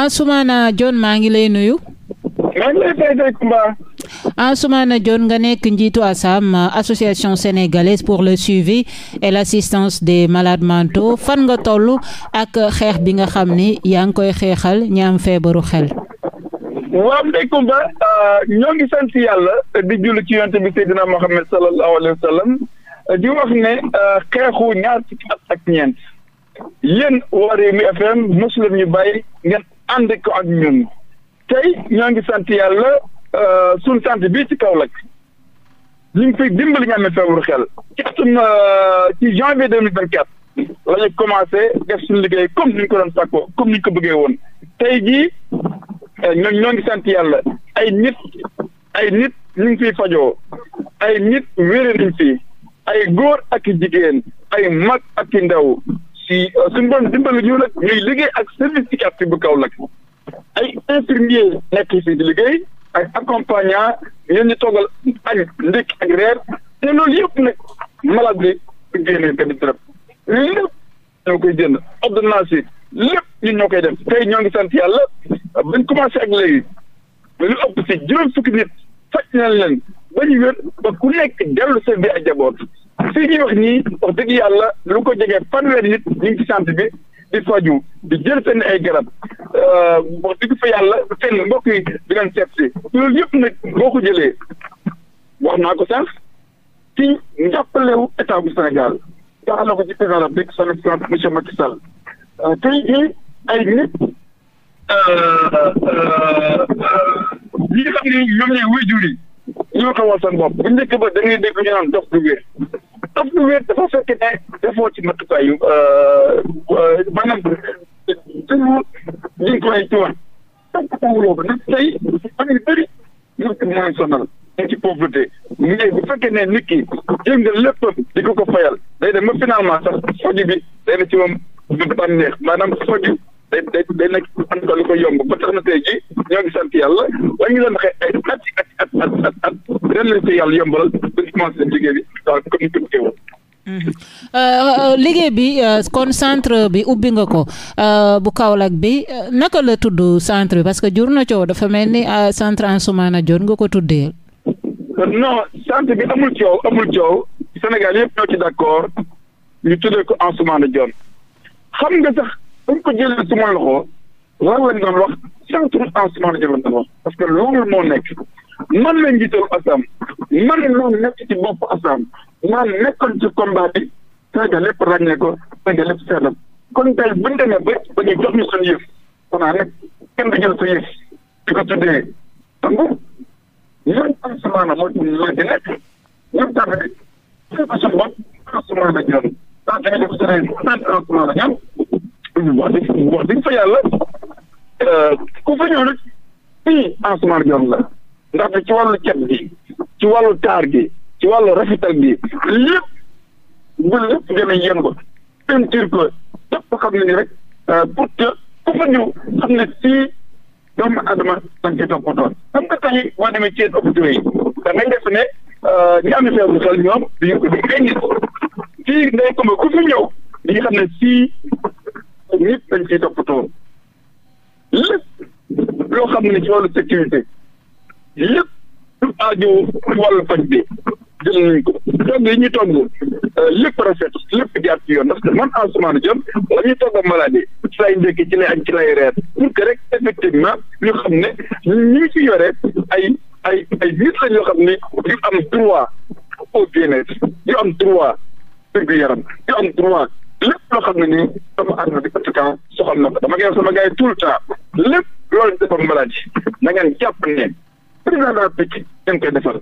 Ansoumana Dione maa ngi lay nuyu. maa ngi lay fay tey Kumba. Ansoumana Dione nga nekk njiitu ASAM association sénégalaise pour le suivi et l'assistance des malades fan nga tollu ak xeex bi nga xam ni yaa ngi koy xeexal ñi feebaru xel. waaw Ndeye Kumba euh, ñoo ngi sant yàlla di julli ci yonent bi Seydina Mohamed sallallahu alayhi wa di wax ne euh, xeexu ñaar fukki at ak ñeent. yéen waa Rewmi FM mosu leen bàyyi ngeen ànd ko ak ñun tey ñoo ngi sant yàlla euh, suñ sant bii ci Kaolack ñu ngi fiy dimbali nga amee feebaru xel ci atum euh, ci janvier deux mille vingt la commencé liggéey comme ni ñu ko doon sàkkoo comme ni ñu ko bëggee woon tey jii euh, ñoo ñoo ngi sant yàlla ay nit ay nit ñu ngi fiy fajoo ay nit wéere nañ fi ay góor ak jigéen ay mag ak i ndaw si euh, suñu doon dimbali ñu nag ñuy ak service psychiatrique bu Kaolack ay infirmier nekk fii di liggéey ak accompagnant ñeen ñu toggal añ ndékki ak reer te loolu yëpp nag malade bi su génnee ka di tërëb lépp ñoo koy jënd ordonnance yi lépp ñun ñoo koy dem tey ñoo ngi sant yàlla bañ commencé ak léegi lu ëpp si juróom nit faj nañ leen ba ñu wér ba ku nekk dellu sa bi ak jaboot fii ñuy wax nii wax dëgg yàlla lu ko jegee fanweeri nit ñi ngi ci sant bi di faju di jël seen ay garab euh, wax dëgg fa yàlla seen mbokk yi di leen seet si loolu yëpp nag boo ko jëlee wax naa ko sax ci njàppalewu état senegal Sénégal jaxale ko ci président la dëkk son excellence monsieur Macky Sall euh, tey jii ay nit li euh, nga xam ne ñoom ñooy wéjur yi ñoo xawal seen bopp bu njëkk ba da ngay dégg ñu naan dox du ab lu wér dafa fekk ne defoo ci matukaay yu euh, euh, maanaam suñu liñ koy ci wan tànkatawuloo ko nag tey am yu bëri nit mooy sonal ci pauvreté mais bu fekkee ne nit ki jéem lépp di ko ko fayal day dem ba finalement bi day na ci moom du am neex maanaam day day day nekk sant yàlla waaye ñu doon liggéey bi comme euh, euh, euh, kon centre bi ubbi nga ko bu Kaolack bi naka la tudd centre bi parce que jur na coow dafa mel ni centre Ansoumana Dione nga ko tuddee. non centre bi amul coow amul coow Sénégal yëpp ñoo ci d'accord ñu tuddee ko Ansoumana Dione xam nga sax. buñ ko jëlee suma loxo loolu lañ doon wax centre ensemencement lañ doon wax parce que loolu moo nekk man la njiital Assam man maa nekk ci bopp Assam maa nekkoon ci combat bi Sénégal lépp ràññee ko Sénégal lépp seetal kon tey buñ demee ba ba ñu jox ñu suñu yëf xanaa nag kenn du jël sa yëf di ko tuddee xam nga ñoom ensemencement moo ci moo ci nekk ñoom tamit suñ ko suñ bopp ensemencement la ñu doon. tant que ñu wax dëgg wax dëgg fa yàlla euh, ku fa ñëw rek fii Ansoumana Dione la ndaxte ci wàllu cet gi ci wàllu taar gi ci wàllu rafetal gi lépp bu lépp gën a yéen ko peinture ko lépp xam ne ni rek euh, pour que ku fa ñëw xam ne fii doomu adama da nga ci toppatoo xam nga tey boo demee ci hôpitaux yi da ngay def ne euh, ñi am feebaru xel ñoom dañu ko di ay nit fii ndey ko ku fi ñëw dañu xam ne fii koom yëpp dañ ciy toppatoo lépp loo xam ne ci wàllu sécurité lépp lu aajo wàllu faj bi jël nañ ko togg yi ñuy togg euh, lépp rafet lépp jaar ci yoon parce man Ansoumana Dione la ñuy togg a maladie ci lay njëkki ci lay añ ci lay reer pour que effectivement ñu xam ne ñu ci yore ay ay ay nit lañ yoo xam ne yu am droit au bien-être yu am droit wér yu am droit lépp loo xam ne nii doomu aadama bi ëpp temps soxal na ko dama koy sama gars yi tout le temps lépp loolu defal malade na ngeen jàpp ne président de la République dañ koy defal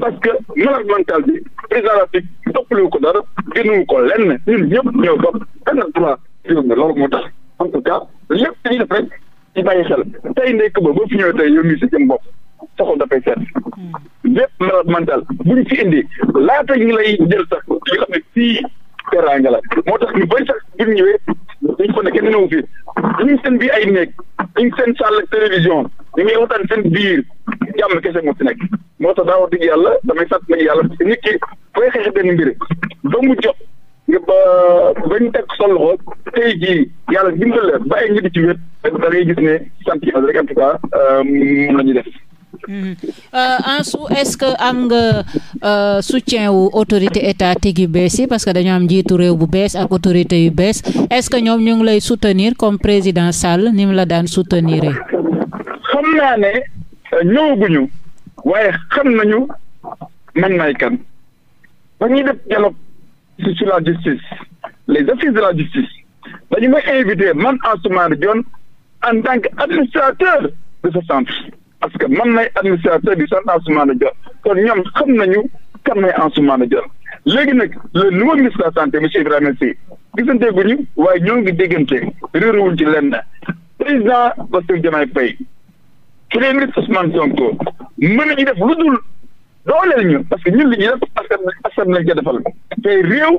parce que malade mental bi président de la République toppaliwu ko dara gënuwu ko lenn ñun ñëpp ñëw bopp benn droit réew mi loolu moo tax en tout cas lépp dañuy def rek ci bàyyi xel tey ndeyk ba ba fi ñëwee tey yow mii si jëm bopp soxal dafay seet hmm. lépp malade mental fi lay jël sax li xam ne teraanga la moo tax ñu bëri sax bu ñu ñëwee dañu fa ne kenn ñëw fii ñu ngi seen biir ay néeg ñu ngi seen salle télévision ñu ngi waxtaan seen biir jàmm kese moo ci nekk moo tax daa wax dëgg yàlla damay sant nag yàlla parce que nit ki fooy xeex benn mbir ba mu jox nga ba bañ teg sa loxo tey jii yàlla dimbal la ba ay nit ci wét da ngay gis ne sant yàlla rek en tout cas euh, mun nañu def. Ansu mm. euh, est-ce que am nga euh, soutien wu autorité étatique yu bees yi parce que dañoo am njiitu réew bu bees ak autorité yu bees est-ce que ñoom ñu ngi lay soutenir comme président Sall ni mu la daan soutenir. xam naa ne euh, ñëwaguñu waaye xam nañu man maay kan ba ñuy def dialogue sur la justice les offices de la justice dañu may invité man Ansoumana Dione en tant que administrateur de ce centre. parce que man nay administrateur du centre Ansoumana Dione kon ñoom xam nañu kan may Ansoumana Dione léegi nag le nouveau ministre de la santé monsieur Ibrahima Sy gisante gu ñu waaye ñoo ngi déggante réerewuñ ci lenn président Bassirou Diomaye Faye premier ministre Ousmane Sonko mën nañu def lu dul dooleel ñu parce que ñu li ñu def askan askan lañ ca defal te réew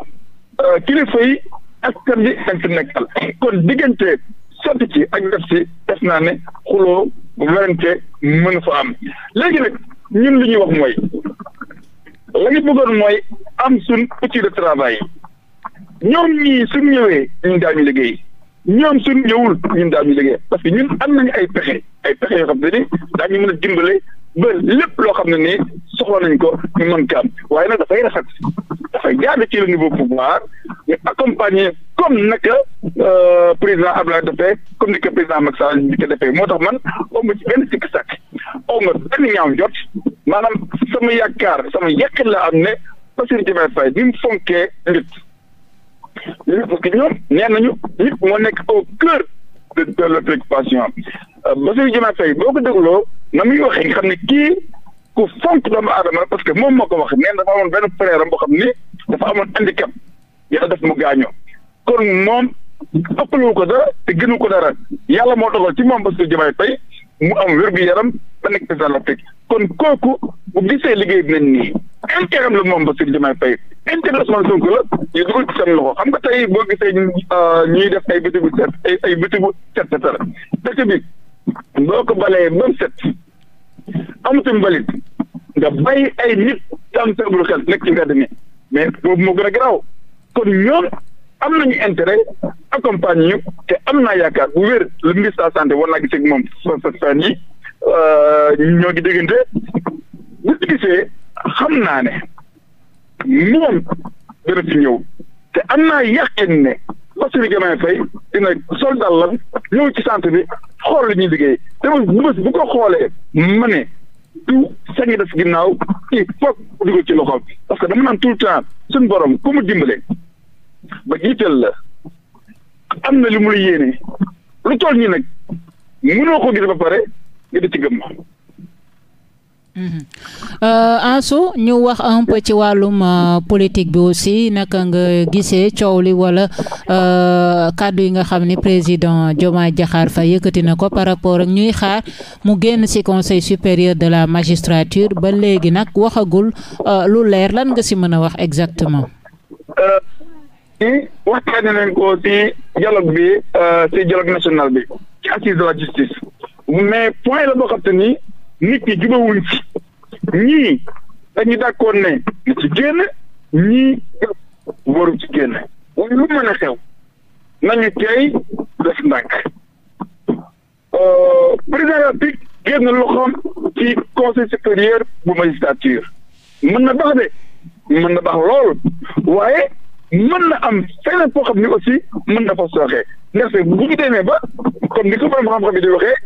euh, kilifa yi askan nekkal kon diggante sotti ci ak def ci def naa ne xuloo werante mën fa am léegi nag ñun li ñuy wax mooy la ñu bëggoon mooy am suñ outil de travail ñoom ñii suñ ñëwee ñu daañu liggéey ñoom suñu ñëwul ñun daal ñu liggéey parce que ñun am nañu ay pexe ay pexe yoo xam ne ni daañu mën a dimbale ba lépp loo xam ne ni soxla nañ ko ñu mën ko am waaye nag dafay rafet dafay jaadu ci le niveau pouvoir ñu accompagner comme naka euh, président Abdoulaye defee comme ni ko président Macky Sall di ko defee moo tax man aw ma ci benn sikk sàkk aw ma benn ñaaw jot maanaam sama yaakaar sama yàq la am ne Bassirou Diomaye Faye ni mu fonkee nit parce que ñoom nee nañu nit moo nekk au cœur de de la préoccupation euh, Bassirou Diomaye Faye boo ko loo na muy waxee nga xam ne kii ku fonk doomu aadama parce que moom moo ko wax nee dafa amoon benn frère am boo xam ni dafa amoon handicap yàlla def mu gaañoo kon moom ëppalewu ko dara te gënu ko dara yàlla moo dogal ci moom ba Bassirou Diomaye Faye mu am wér-gu-yaram ba nekk président de la République kon kooku bu gisee liggéey bi nañ nii intérêt am la moom Bassirou Diomaye Faye intérêt Ousmane Sonko la ñu dugal ci seen loxo xam nga tey boo gisee euh, ñuy def ay bitigu set ay ay bitigu set setara dëkk bi boo ko balee ba mu set amatu mbalit nga bàyyi ay nit tam sabru xel nekk ci mbedd mi mais boobu moo gën a garaaw kon ñoom am nañu intérêt accompagne ñu te am naa yaakaar bu wér le ministre de la santé war naa gisee ak moom fan yi euh, ñoo ngi déggante bu gisee xam naa ne moom dana fi ñëw te am naa yaqin ne Bassirou Diomaye Faye dina sol dàllam ñëw ci santé bi xool li ñuy liggéey te bés bu ko xoolee ma ne du sañ def ginnaaw ci foog dugal ci loxoom parce que dama naan tout le temps suñu borom ku mu dimbale ba jiital la am na lu mu la yéene lu toll nii nag mënoo ko gis ba pare nga mhm. euh, ñu wax un ci wàllum euh, politik bi si naka nga gisee coow li walla euh, kàddu yi nga xam ni président Diomaye Diakhar fa yëkkati na ko par rapport ak ñuy xaar mu génn ci conseil supérieur de la magistrature ba léegi nag waxagul lu leer lan nga ci mën a wax exactement. ci waxtaane nañ ko ci dialogue bi euh, ci dialogue national bi ci assise de la justice mais point la boo xam te ni nit ñi jubawuñ ci ñii dañu d'accord ne na ci génn ñii waru ci génn waaye lu mën xew nañu tey def ndànk euh, président rappique génn loxoom ci conseil supérieur bu magistrature mën na baax de mën na baax lool waaye mën na am feneen foo xam ni aussi mën na fa sooxee ndaxte bu ñu demee ba comme ni ko borom xam-xam yi di waxee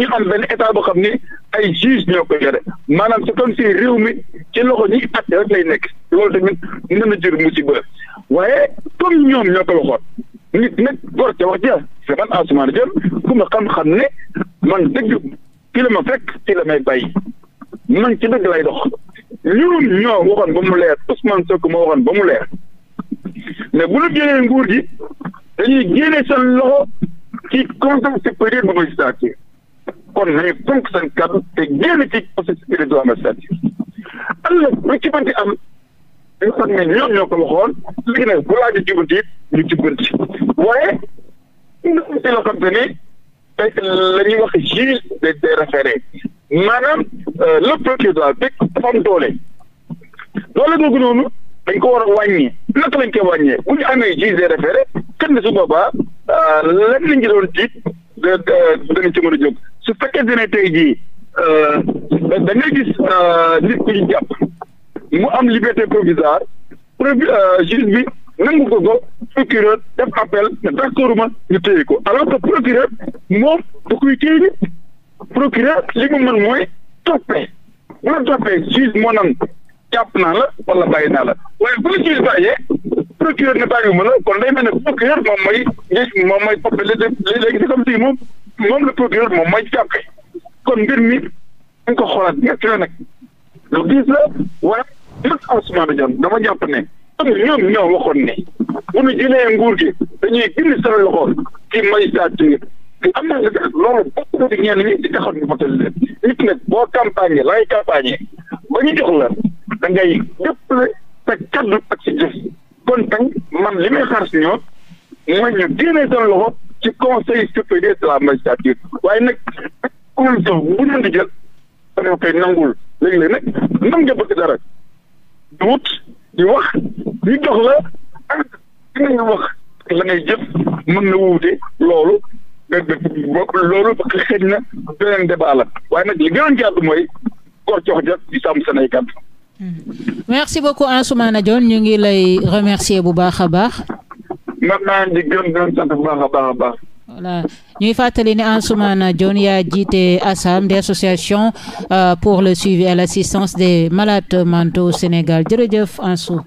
ñu am benn état boo xam ni ay juge ñoo ko yore maanaam si comme si réew mi ci loxo ñi àtte rek lay nekk loolu tamit mën na jur musiba waaye comme ñoom ñoo ko waxoon nit nag góor ca wax ja c'est man Ansoumana Dione ku ma xam-xam ne man dëgg ki la ma fekk ci may bàyyi man ci dëgg lay dox ñun ñoo waxoon ba mu leer Ousmane Sonko moo waxoon ba mu leer mais bu ñu génnee nguur gi dañuy génne seen loxo ci contexte période bu magistrature kon nañu fonk seen kàddu te génn ci processus période de magistrature alors lu ci mënti am ñu xam ne ñoom ñoo ko waxoon léegi nag bu laajee jubanti it ñu jubanti waaye ndax si loo lañuy wax juge de des référés maanaam euh, le procureur doole doole googu noonu. dañ ko war a wàññi naka lañ koy wàññee bu ñu amee juge des référés kenn na su boobaa euh, lan lañ ci doon tiit danañ ci mën a jóg su fekkee dina tey jii euh, da ngay gis euh, nit ku ñu jàpp mu am liberté provisoire provi juge bi nangu ko ko procureur def appel ne d'accord ma ñu téye ko alors que procureur moom da koy téye li mu mën mooy toppee bu la toppee juge moo naan jàpp naa la wala bàyyi naa la waaye bu la ciy bàyyee procureur ne bàyyiwuma la kon day mel ne procureur moom mooy ngi moom mooy topp léegi di comme lii moom moom la procureur moom mooy jàppe kon mbir mi dañ ko xoolaat ñett la nag lu diis la wala man Ousmane Diagne dama jàpp ne comme ñoom ñoo waxoon ne bu ñu jëlee nguur gi dañuy gindi seen loxo ci magistrature am na loolu bokk na di ñenn ñi di taxaw ñu voté leen nit nag boo campagne lay campagne ba ñu jox la da ngay jëppale sa kaddu ak si jëf kon tang man li may xaar si ñoom mooy ñu génnee seen loxo ci conseil supérieur de la magistrature waaye nag kuréel sax bu ñu di jël dañoo koy nangul léegi-léeg nag nam nga bëgg dara di wut di wax ñu jox la ak li ngay la ngay jëf mën na wuute loolu nga loolu xëy na beneen débat waaye nag li gën a jàpp mooy cox cox jot di sàmm seen ay hmm. merci beaucoup Ansoumana Dione ñu ngi lay remercier bu baax a baax. man maa ngi gërëm di sant bu baax a baax a baax. voilà ñuy fàttali ne Ansoumana Dione yaa jiite ASAM des associations euh, pour le suivi et l' assistance des malades mentaux Sénégal jërëjëf Ansou.